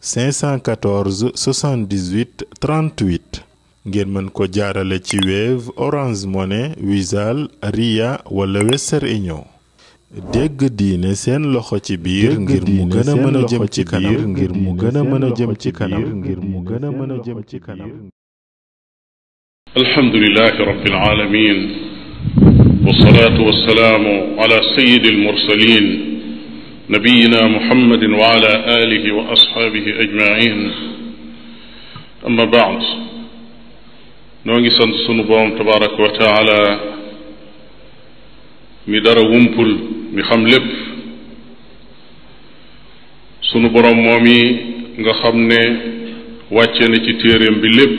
514 78 38 ngeen mën ko jaarale ci Wave Orange Money Wizall Ria wala Western Union dégg diine seen loxo ci biir ngir mu gëna mëna jëm ci kanam ngir mu gën a mën jëm ci kanam ngir mu gën a jëm ci kanam nabiyina muhammadin wa ala alihi wa asxaabihi ajmain amma baad noo ngi sant sunu borom tabaraka wa taala mi dara wumpul mi xam lépp sunu borom moom yi nga xam ne wàcce na ci bi lépp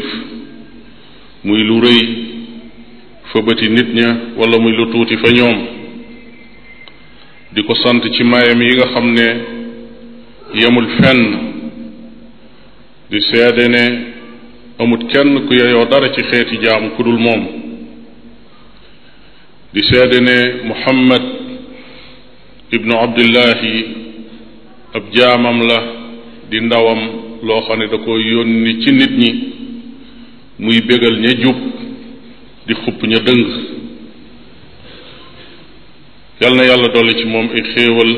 mu lu rëy fa bëti nit ña wala muy lu tuuti fa di ko sant ci mayam yi nga xam ne yemul fenn di seede ne amut kenn ku yeyoo dara ci xeeti jaamu ku dul moom di seede ne muhammad ibnu abdullahi ab jaamam la di ndawam loo xam ne da ko yónni ci nit ñi muy bégal ña jub di xupp ña dëng yal na yàlla dolli ci moom ay xéewal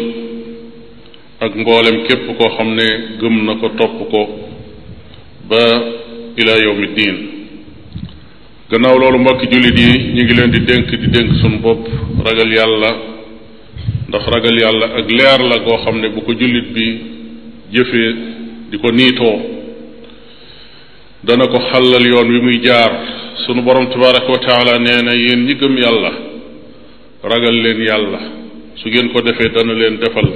ak mboolem képp koo xam ne gëm na ko topp ko ba ila yawmi diin gannaaw loolu mbokki jullit yi ñu ngi leen di dénk di dénk suñu bopp ragal yàlla ndax ragal yàlla ak leer la goo xam ne bu ko jullit bi jëfee di ko niitoo dana ko xàllal yoon wi muy jaar sunu borom tabaraka wa taala nee na yéen ñi gëm yàlla ragal leen yàlla su ngeen ko defee dana leen defal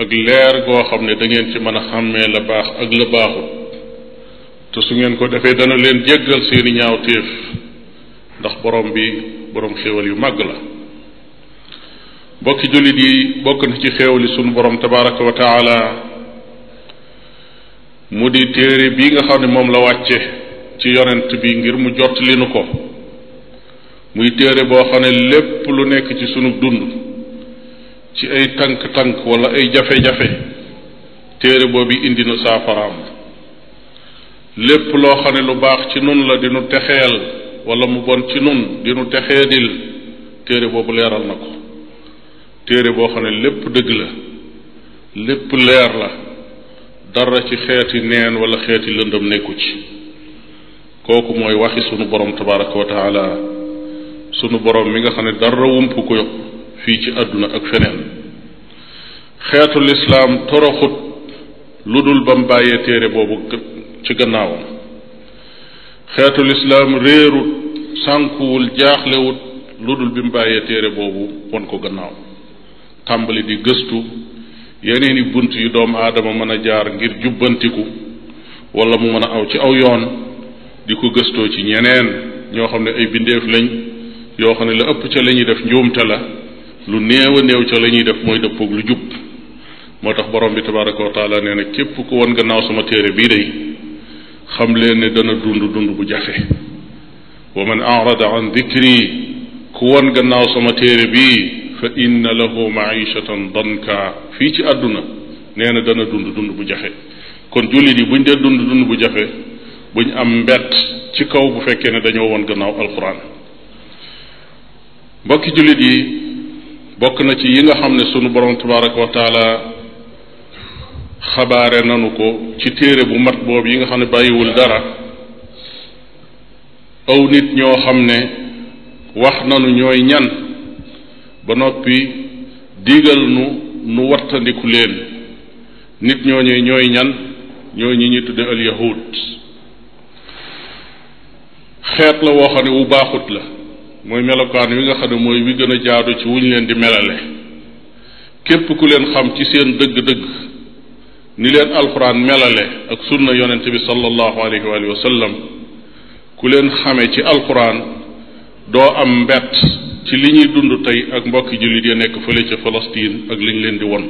ak leer goo xam ne dangeen ci mën a xàmmee la baax ak la baaxut te su ngeen ko defee dana leen jéggal seeni ñaawteef ndax borom bi borom xéewal yu màgg la bokki jullit yi bokk na ci xéewali sunu borom tabaraka wa mu di téere bii nga xam ne moom la wàcce ci yonent bi ngir mu jot li nu ko muy téere boo xam ne lépp lu nekk ci sunu dund ci ay tànk-tànk walla ay jafe-jafe téere boobu indi na saafaraam lépp loo xam ne lu baax ci nun la di nu texeel wala mu bon ci nun di nu texeedil téere boobu leeral na ko téere boo xam ne lépp dëgg la lépp leer la dara ci xeeti neen wala xeeti lëndëm nekku ci kooku mooy waxi sunu borom tabaraka wa sunu borom mi nga xam ne dara wump ko fii ci àdduna ak feneen xeetu lislaam toroxut lu dul ba mu bàyyee téere boobu ci gannaawam xeetu lislaam réerut sànkuwul jaaxlewut lu dul bi mu bàyyee téere boobu won ko gannaaw tàmbali di gëstu yeneeni bunt yu doomu aadama mën a jaar ngir jubbantiku wala mu mën a aw ci aw yoon di ko gëstoo ci ñeneen ñoo xam ne ay bindeef lañ yoo xam ne la ëpp ca la ñuy def njuumte la lu néew a néew ca la ñuy def mooy dëppoog lu jub moo tax borom bi tabaraka wa taala nee na képp ku won gannaaw sama téere bii day xam leen ne dana dund dund bu jafe wa man arada an dikri ku won gannaaw sama téere bii fa inna lahu maishatan danka fii ci àdduna nee na dana dund dund bu jafe kon jullit yi buñ dee dund dund bu jafe buñ am mbett ci kaw bu fekkee ne dañoo won gannaaw alquran mbokki jullit yi bokk na ci yi nga xam ne sunu borom tabaraka wa taala xabaare nanu ko ci téere bu mat boobu yi nga xam ne bàyyiwul dara aw nit ñoo xam ne wax nanu ñooy ñan ba noppi digal nu nu wattandiku leen nit ñooñu ñooy ñan ñoo ñi ñu tudde al yahud xeet la woo wu baaxut la mooy melokaan wi nga xam ne mooy wi gën a jaadu ci wuñ leen di melale képp ku leen xam ci seen dëgg-dëgg ni leen alxuraan melale ak sunna yonent bi sallallahu alayhi wa sallam ku leen xame ci alxuraan doo am mbett ci li ñuy dund tey ak mbokki jullit ya nekk fële ca Palestine ak li ñu leen di won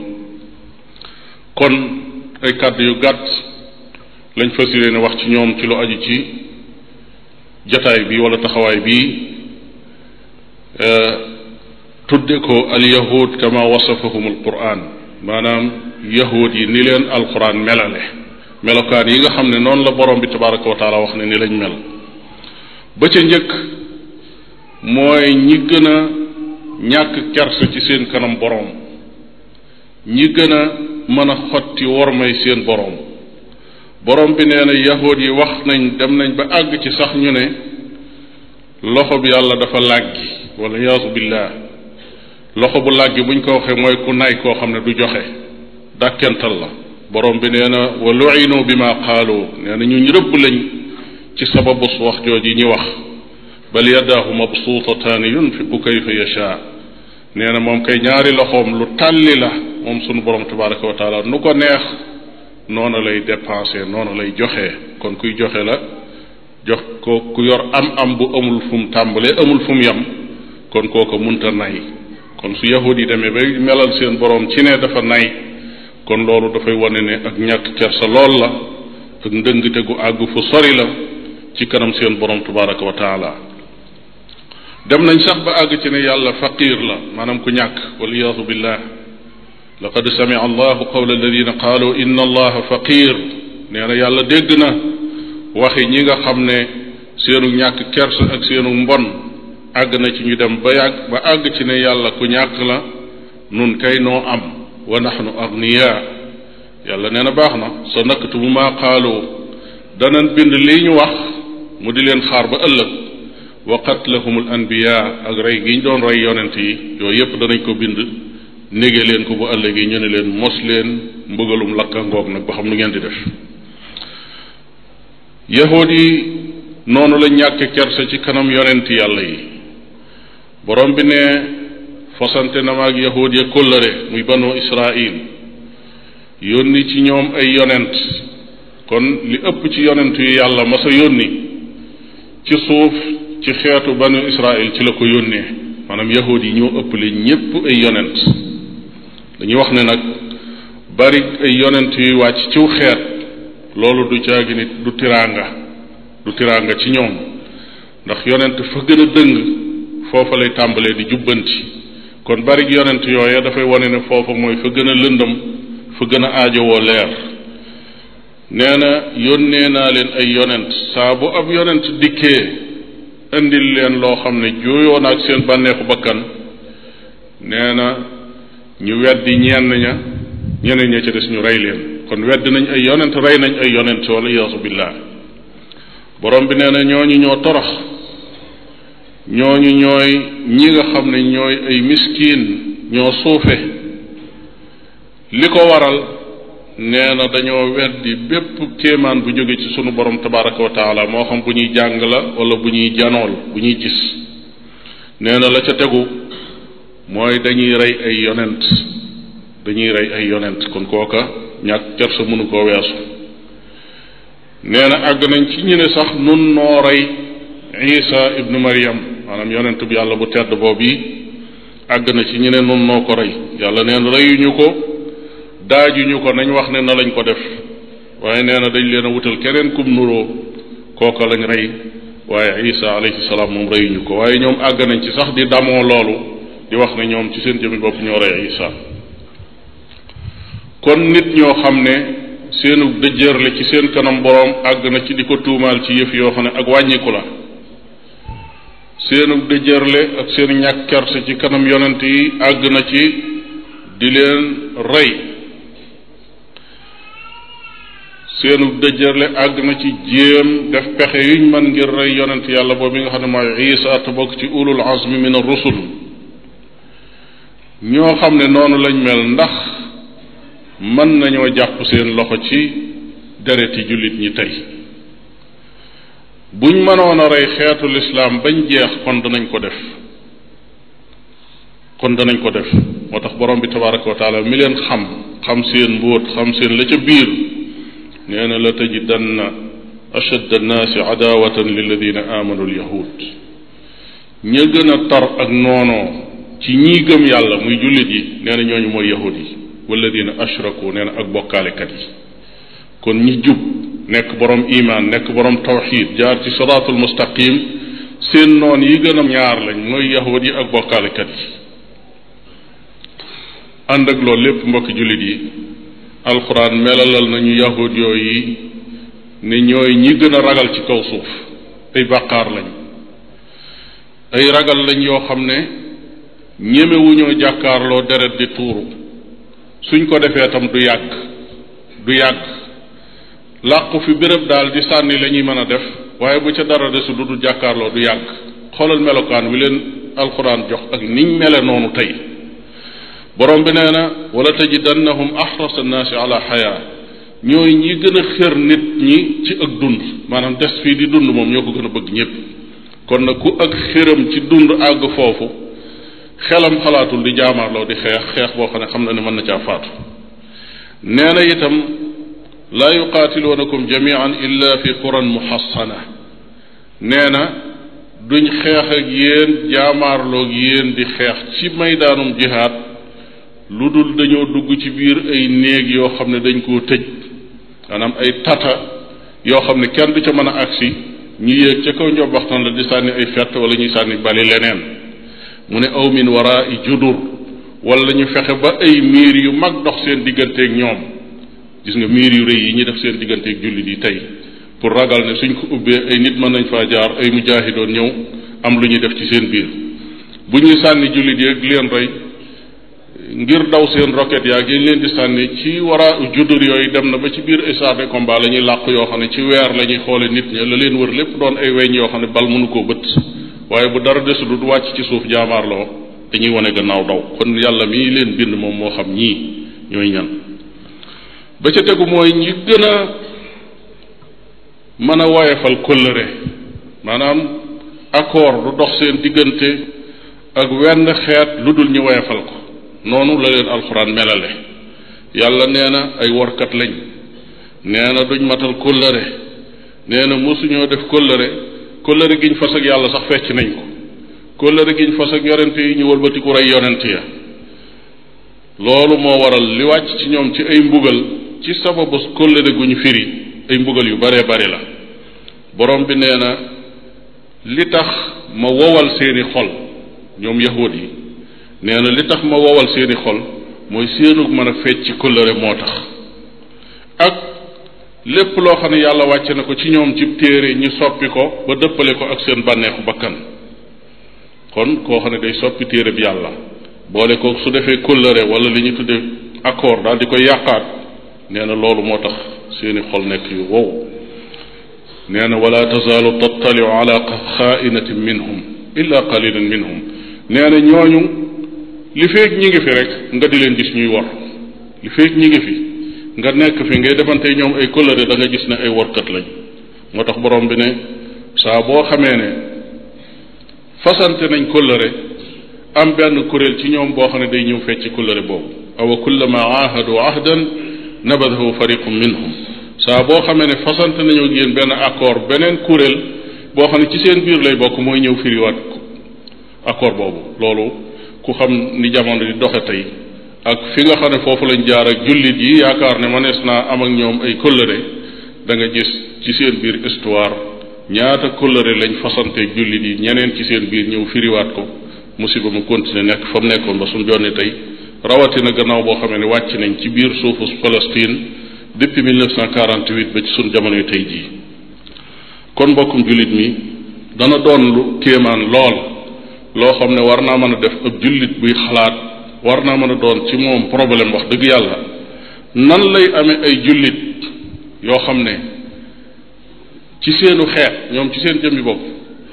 kon ay kàddu yu gàtt lañ fas leen wax ci ñoom ci lu aju ci jataay bi wala taxawaay bii Eh, tudde ko al yahud kama wasafahum al quran maanaam yahud yi ni leen alquran melale melokaan yi nga xam ne noonu la borom bi tabaraka wa wax ne ni lañ mel ba ca njëkk mooy ñi gën a ñàkk kersa ci seen kanam borom ñi gën a mën a xotti wormay seen borom borom bi nee na yahud yi wax nañ dem nañ ba àgg ci sax ñu ne loxo bi yàlla dafa làggi wala yaasu billah bu làggi buñ ko waxee mooy ku nay koo xam ne du joxe dàkkental la borom bi nee na wa lu'inu bi ma qaalu nee na ñu rëbb lañ ci sababu su wax jooji ñi wax bal yaddaahu mabsuutataani yunfiqu kayfa yashaa nee na moom kay ñaari loxoom lu tàlli la moom suñu borom tabaraka wa taala nu ko neex noonu lay dépenser noonu lay joxe kon kuy joxe la jox ko ku yor am am bu amul fu mu amul fu mu yem kon kooka munta nay kon su yahud yi demee bay melal seen boroom ci ne dafa nay kon loolu dafay wone ne ak ñàkk kersa lool la ak ndëngte gu àgg fu sori la ci kanam seen borom tabaraka wa taala dem nañ sax ba àgg ci ne yàlla faqir la maanaam ku ñàkk waliyaasu billah laqad samia allahu qawla alladina qaalu inna allaha faqir nee na yàlla dégg na waxi ñi nga xam ne seenu ñàkk kersa ak seenu mbon àgg na ci ñu dem ba yàgg ba àgg ci ne yàlla ku ñàkk la nun kay noo am wa nahnu agniya yàlla nee na baax na sa naktubu maa qaaloo dana bind lii ñu wax mu di leen xaar ba ëllëg wa qatlahumul anbiya ak rey gi ñu doon rey yonent yi yooyu yépp danañ ko bind nége leen ko bu ëllëg yi ñu ne leen mos leen mbëgalum lakka ngoog nag ba xam nu ngeen di def yahuud yi noonu la ñàkke kersa ci kanam yonent yàlla yi borom bi ne fosante na maag yahuud ya kóllëre muy banu israil yónni ci ñoom ay yonent kon li ëpp ci yonent yu yàlla mas a yónni ci suuf ci xeetu banu israil ci la ko yónnee maanaam yahuud yi ñoo ëpp li ñépp ay yonent dañuy wax ne nag bari ay yonent yuy wàcc ciw xeet loolu du jaagi nit du tiraanga du tiraanga ci ñoom ndax yonent fa gën a dëng foofa lay tàmbalee di jubbanti kon bari yonent yooya dafay wone ne foofa mooy fa gën a lëndam fa gën a aajowoo leer nee na yónnee naa leen ay yonent saa bu ab yonent dikkee indil leen loo xam ne jooyoon ak seen bànneexu bakkan nee na ñu weddi ñenn ña ñeneen ña ca des ñu rey leen kon wedd nañ ay yonent rey nañ ay yonent wala yaasu billah borom bi nee na ñooñu ñoo torox ñooñu ñooy ñi nga xam ne ñooy ay miskin ñoo suufe li ko waral nee na dañoo weddi bépp kéemaan bu jóge ci sunu borom tabaraka wa moo xam bu ñuy jàng la wala bu ñuy janool bu ñuy gis nee na la ca tegu mooy dañuy rey ay yonent dañuy rey ay yonent kon kooka ñàkk kersa mënu koo weesu nee na àgg nañ ci ñu ne sax nun noo rey isa ibnu mariam maanaam yonent bi yàlla bu tedd boobu yi àgg na ci ñu ne nun noo ko rey yàlla neen reyuñu ko daajuñu ko nañ wax ne na lañ ko def waaye nee na dañ leen a wutal keneen kum nuroo kooka lañ rey waaye isa alayhi salaam moom reyuñu ko waaye ñoom àgg nañ ci sax di damoo loolu di wax ne ñoom ci seen jëmmi bopp ñoo rey isa kon nit ñoo xam ne seenu dëjër la ci seen kanam boroom àgg na ci di ko tuumaal ci yëf yoo xam ne ak wàññiku la seenu dëjërle ak seen ñàkk ci kanam yonent yi àgg na ci di leen rey seenu dëjërle àgg na ci jéem def pexe yuñ mën ngir rey yonent yàlla boobu nga xam ne mooy Isa te bokk ci ulul azmi min ar-rusul ñoo xam ne noonu lañ mel ndax mën nañoo jàpp seen loxo ci dereti jullit ñi tey buñ mënoon a rey xeetu lislaam bañ jeex kon danañ ko def kon danañ ko def moo tax boroom bi tabaraka wa taala mi leen xam xam seen mbóot xam seen la ca biir nee na la tajidanna ashadda annaasi adawatan lilladina amanu alyahud ña gën a ak noonoo ci ñii gëm yàlla muy jullit yi nee ñooñu mooy yahud yi walladina ashraku nee na ak bokkaalekat yi kon ñi jub nekk boroom imaan nekk boroom tawxid jaar ci siraatul mustaqim seen noon yi gën ñaar lañ mooy yahud yi ak bokkaalekat yi ànd lépp mbokki jullit yi alxuraan melalal nañu yahud yooyu ni ñooy ñi gën a ragal ci kaw suuf ay bàqaar lañ ay ragal lañ yoo xam ne ñemewuñoo jàkkaarloo deret di tuuru suñ ko defee tam du yàgg du yàgg làqu fi bërëb daal di sànni la ñuy mën a def waaye bu ca dara desu du du jàkkaarloo du yàgg xoolal melokaan wi leen alxuraan jox ak niñ mele noonu tey borom bi na wala tajidannahum axrasa nnaasi ala xayaa ñooy ñi gën a nit ñi ci ak dund maanaam des fii di dund moom ñoo ko gën a bëgg ñépp kon nag ku ak xëram ci dund àgg foofu xelam xalaatul di jaamaarloo di xeex xeex boo xam ne xam na ne mën na caa faatu nee itam laa yuqaatiluunakum jamian illa fi quran muhassana nee na duñ xeex yéen jaamaarloog yéen di xeex ci maydaanum jihaad lu dul dañoo dugg ci biir ay néeg yoo xam ne dañ koo tëj maanaam ay tata yoo xam ne kenn du ca mën a agsi ñu yéeg ca kaw njobbaxtan la di sànni ay fett wala ñuy sànni bali leneen mu ne awmin min waraa i judur wala ñu fexe ba ay miir yu mag dox seen digganteeg ñoom gis nga miir yu rëy yi ñuy def seen digganteeg jullit yi tey pour ragal ne suñ ko ubbee ay nit mën nañ faa jaar ay doon ñëw am lu ñuy def ci seen biir bu ñuy sànni jullit yi ak leen rey ngir daw seen roquette yaa ngi leen di sànni ci wara juddur yooyu dem na ba ci biir essart de combat la ñuy làq yoo xam ne ci weer la ñuy xoole nit ñi la leen wër lépp doon ay weñ yoo xam ne bal mënu koo bët waaye bu dara desul du wàcc ci suuf jaamaarloo dañuy wane gannaaw daw kon yàlla mii leen bind moom moo xam ñii ñooy ñan ba ca tegu mooy ñi gën a mën a woyefal kóllëre maanaam accord du dox seen diggante ak wenn xeet lu dul ñu woyefal ko noonu la leen alxuraan melale yàlla nee na ay workat lañ nee na duñ matal kóllëre nee na mosuñoo def kóllëre kóllëre giñ fas ak yàlla sax fecc nañ ko kóllëre giñ fas ak yonent yi ñu wëlbatiku rey yonent ya loolu moo waral li wàcc ci ñoom ci ay mbugal ci sababu kóllëre gu ñu firi ay mbugal yu baree bari la borom bi nee na li tax ma wowal seeni xol ñoom yahud yi nee na li tax ma wowal seeni xol mooy seenug mën a fecc ci kóllëre moo tax ak lépp loo xam ne yàlla wàcce na ko ci ñoom ci téere ñu soppi ko ba dëppale ko ak seen bànneexu bakkan kon koo xam ne day soppi téere bi yàlla boole ko su defee kóllëre wala li ñu tudde accord daal di koy yàqaat nee na loolu moo tax seeni xol nekk yu wow nee na wala tazaalu tattaliu ala xaainatin minhum illa qalilan minhum nee na ñooñu li feeg ñi ngi fi rek nga di leen gis ñuy war li feeg ñi ngi fi nga nekk fi ngay defante ñoom ay colère da nga gis ne ay warkat lañ moo tax borom bi ne saa boo xamee ne fasante nañ colère am benn kuréel ci ñoom boo xam ne day ñëw fecc colère boobu awa kullama ahadu ahdan nabadahu fariqum minhum saa boo xamee ne fasante nañoo ak yéen benn accord beneen kuréel boo xam ne ci seen biir lay bokk mooy ñëw firiwaat accord boobu loolu ku xam ni jamono di doxe tey ak fi nga xam ne foofu lañ jaar ak jullit yi yaakaar ne manees naa am ak ñoom ay kóllëre da nga gis ci seen biir histoire ñaata kóllëre lañ fasanteeg jullit yi ñeneen ci seen biir ñëw firiwaat ko musiba mu continuer nekk fa mu nekkoon ba suñ joonee tey rawatina gannaaw boo xamee ne wàcc nañ ci biir suufu Palestine depuis 1948 ba ci sunu jamono yu tey jii kon mbokkum jullit mi dana doon lu kéemaan lool loo xam ne war naa mën a def ab jullit buy xalaat war naa mën a doon ci moom problème wax dëgg yàlla nan lay amee ay jullit yoo xam ne ci seenu xeet ñoom ci seen jëmmi bi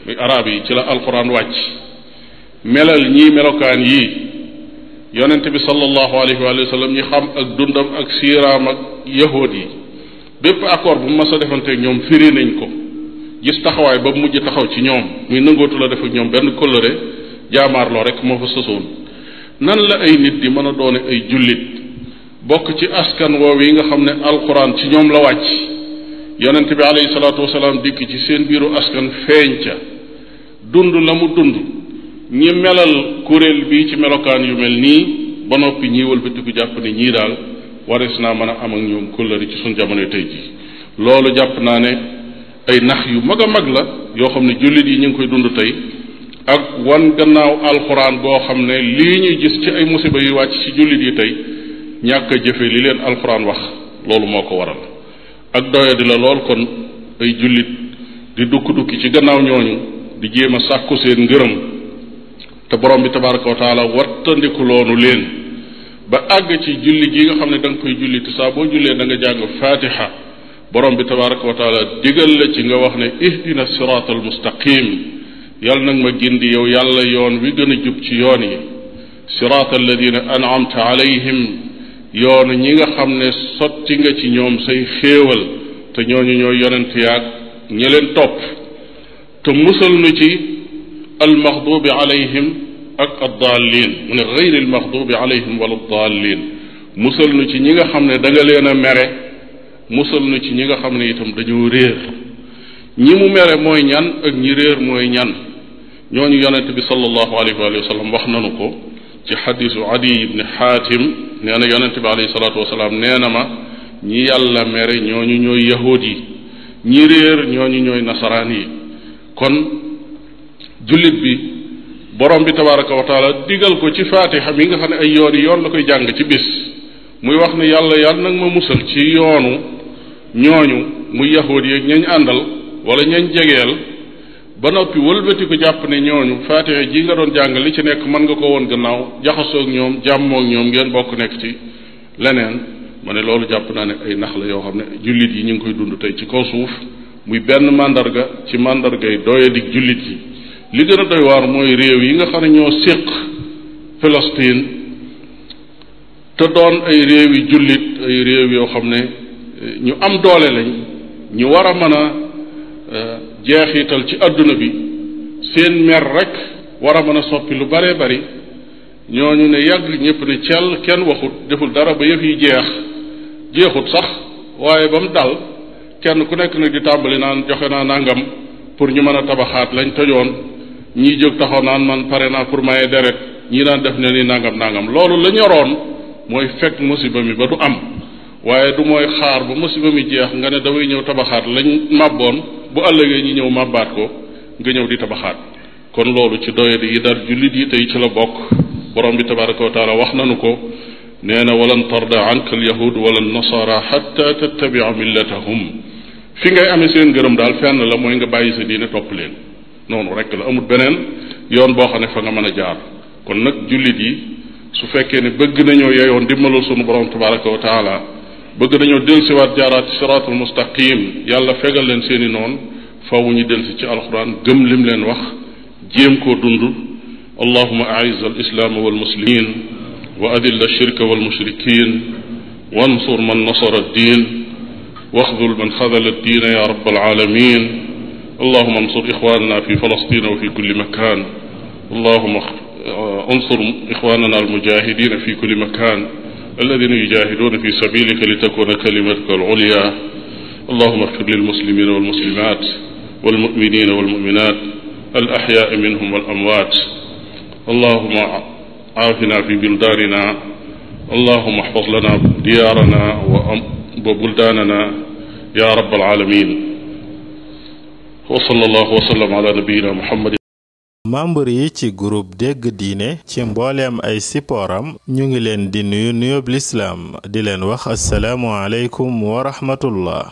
muy araab yi ci la alquran wàcc melal ñii melokaan yii yonent bi sallallahu alayhi wa sallam ñi xam ak dundam ak siiraam ak yahood yi bépp accord bu mas a defanteeg ñoom firi nañ ko gis taxawaay ba mujj taxaw ci ñoom muy nangootu la def ñoom benn kolore jaamaarloo rek moo ko sosoon nan la ay nit di mën a doone ay jullit bokk ci askan woow yi nga xam ne alxuraan ci ñoom la wàcc yonent bi alayhi salaatu wasalaam dikk ci seen biiru askan feeñ ca dund la mu dund ñi melal kuréel bi ci melokaan yu mel nii ba noppi ñii wëlbatiku jàpp ne ñii daal waris naa mën a am ak ñoom kóllëre ci suñ jamono tey jii loolu jàpp naa ne ay nax yu mag a mag la yoo xam ne jullit yi ñu ngi koy dund tey ak wan gannaaw alxuraan boo xam ne li ñuy gis ci ay musiba yu wàcc ci jullit yi tey ñàkk a jëfe li leen alxuraan wax loolu moo ko waral ak doya di la lool kon ay jullit di dukki dukki ci gannaaw ñooñu di jéem a sàkku seen ngërëm te borom bi tabaraka wa taala wattandikuloonu leen ba àgg ci julli gi nga xam ne da nga koy julli te saa boo jullee da nga jàng fatiha borom bi tabaraka wa taala digal la ci nga wax ne ihdina siraat al mustaqim yàlla nag ma gindi yow yàlla yoon wi gën a jub ci yoon yi siraat alladina an'amta alayhim yoon ñi nga xam ne sotti nga ci ñoom say xéewal te ñu ñooy yonent yaag ña leen topp te musal nu ci almaxdubi alayhim ak addaalin mu ne gayri almaxdubi alayhim wala addaalin musal nu ci ñi nga xam ne da nga leen a mere musal nu ci ñi nga xam ne itam dañoo réer ñi mu mere mooy ñan ak ñi réer mooy ñan ñooñu yonente bi sallallahu alayhi wa sallam wax nanu ko ci xadisu adi ibni xaatim nee na yonente bi alayhi salaatu wasalaam nee na ma ñi yàlla mere ñooñu ñooy yahuud yi ñi réer ñooñu ñooy nasaraan yi kon jullit bi borom bi tabaraka wa taala digal ko ci faatiha yi nga xam ne ay yoon yi yoon la koy jàng ci bis muy wax ne yàlla yàlla nag ma musal ci yoonu ñooñu muy yahuud yeeg ñañ àndal wala ñañ jegeel ba noppi wëlbati ko jàpp ne ñooñu faatiha ji nga doon jàng li ci nekk mën nga ko woon gannaaw jaxasoog ñoom jàmmoog ñoom ngeen bokk nekk ci leneen ma ne loolu jàpp naa ne ay nax la yoo xam ne jullit yi ñu ngi koy dund tey ci kaw suuf muy benn mandarga ci mandargay doyadik jullit yi li gën a doy waar mooy réew yi nga xam ne ñoo séq Palestine te doon ay réew yi jullit ay réew yoo xam ne eh, ñu am doole lañ ñu war a mën a jeex eh, jeexital ci àdduna bi seen mer rek war a mën a soppi lu baree bari ñu ne yàgg ñépp ne cell kenn waxut deful dara ba yëpp yi jeex jeexut sax waaye ba mu dal kenn ku nekk nag di tàmbali naan joxe naa nangam pour ñu mën a tabaxaat lañ tojoon ñii jóg taxaw naan man pare naa pour maye deret ñi naan def ne ni nangam nangam loolu la ñoroon mooy fekk musiba mi ba du am waaye du mooy xaar ba musiba mi jeex nga ne damay ñëw tabaxaat lañ màbboon bu ëllëgee ñi ñëw màbbaat ko nga ñëw di tabaxaat kon loolu ci doyadi yi dar jullit yi tey ci la bokk borom bi tabaraka wa taala wax nanu ko nee na walan tarda anka al yahud wala nasara xatta tattabia millatahum fi ngay amee seen gërëm daal fenn la mooy nga bàyyi sa diine topp leen noonu rek la amul beneen yoon boo xam ne fa mën a jaar kon nag jullit yi su fekkee ne bëgg nañoo yeyoo ndimbalul sunu borom tabaraka wa taala bëgg nañoo delsiwaat jaaraat ci siraatul mustaqim yàlla fegal leen seeni noonu fawu ñu delsi ci alquran gëm lim leen wax jéem koo dund allahuma aiz al islaama wal muslimin wa adilla shirka wal mushrikin wansur man nasara ad din waxdul man xadala ad diina ya rabbal alamin allahuma ansur ixwanana fi falastina wa fi kulli makan allahuma uh, ansur ixwanana almujahidina fi kulli makan alladina yujahiduna fi sabilika litakuna kalimatuka alulya allahuma axfir lilmuslimina walmuslimat walmuminina walmuminat alaxyaa minhum walamwat allahuma aafina fi bildaanina allahuma axfaz lana diyaarana wa buldaanana ya rabbal alamin wa sallallahu wa sallam yi ci groupe dégg diine ci mbooleem ay sipooram ñu ngi leen di nuyu nuyoob lislaam di leen wax asalaamu aleykum wa rahmatullah